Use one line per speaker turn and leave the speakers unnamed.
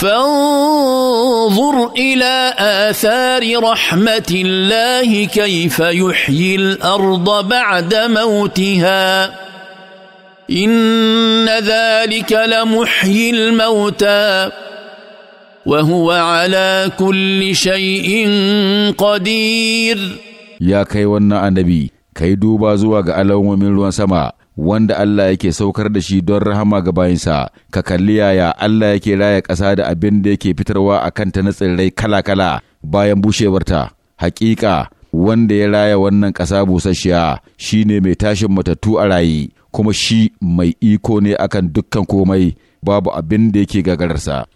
فانظر الى اثار رحمه الله كيف يحيي الارض بعد موتها ان ذلك لمحيي الموتى وهو على كل شيء قدير
يا كي النبي ka yi duba zuwa ga alamomin ruwan sama wanda Allah yake saukar da shi don rahama ga bayinsa, ka kalli yaya Allah yake raya ƙasa da abin da yake fitarwa a kanta na tsirrai kala-kala bayan bushewarta. Hakika, wanda ya raya wannan ƙasa busasshiya shi ne mai tashin matattu a rayi, kuma shi mai iko ne akan dukkan komai babu abin da yake gagararsa.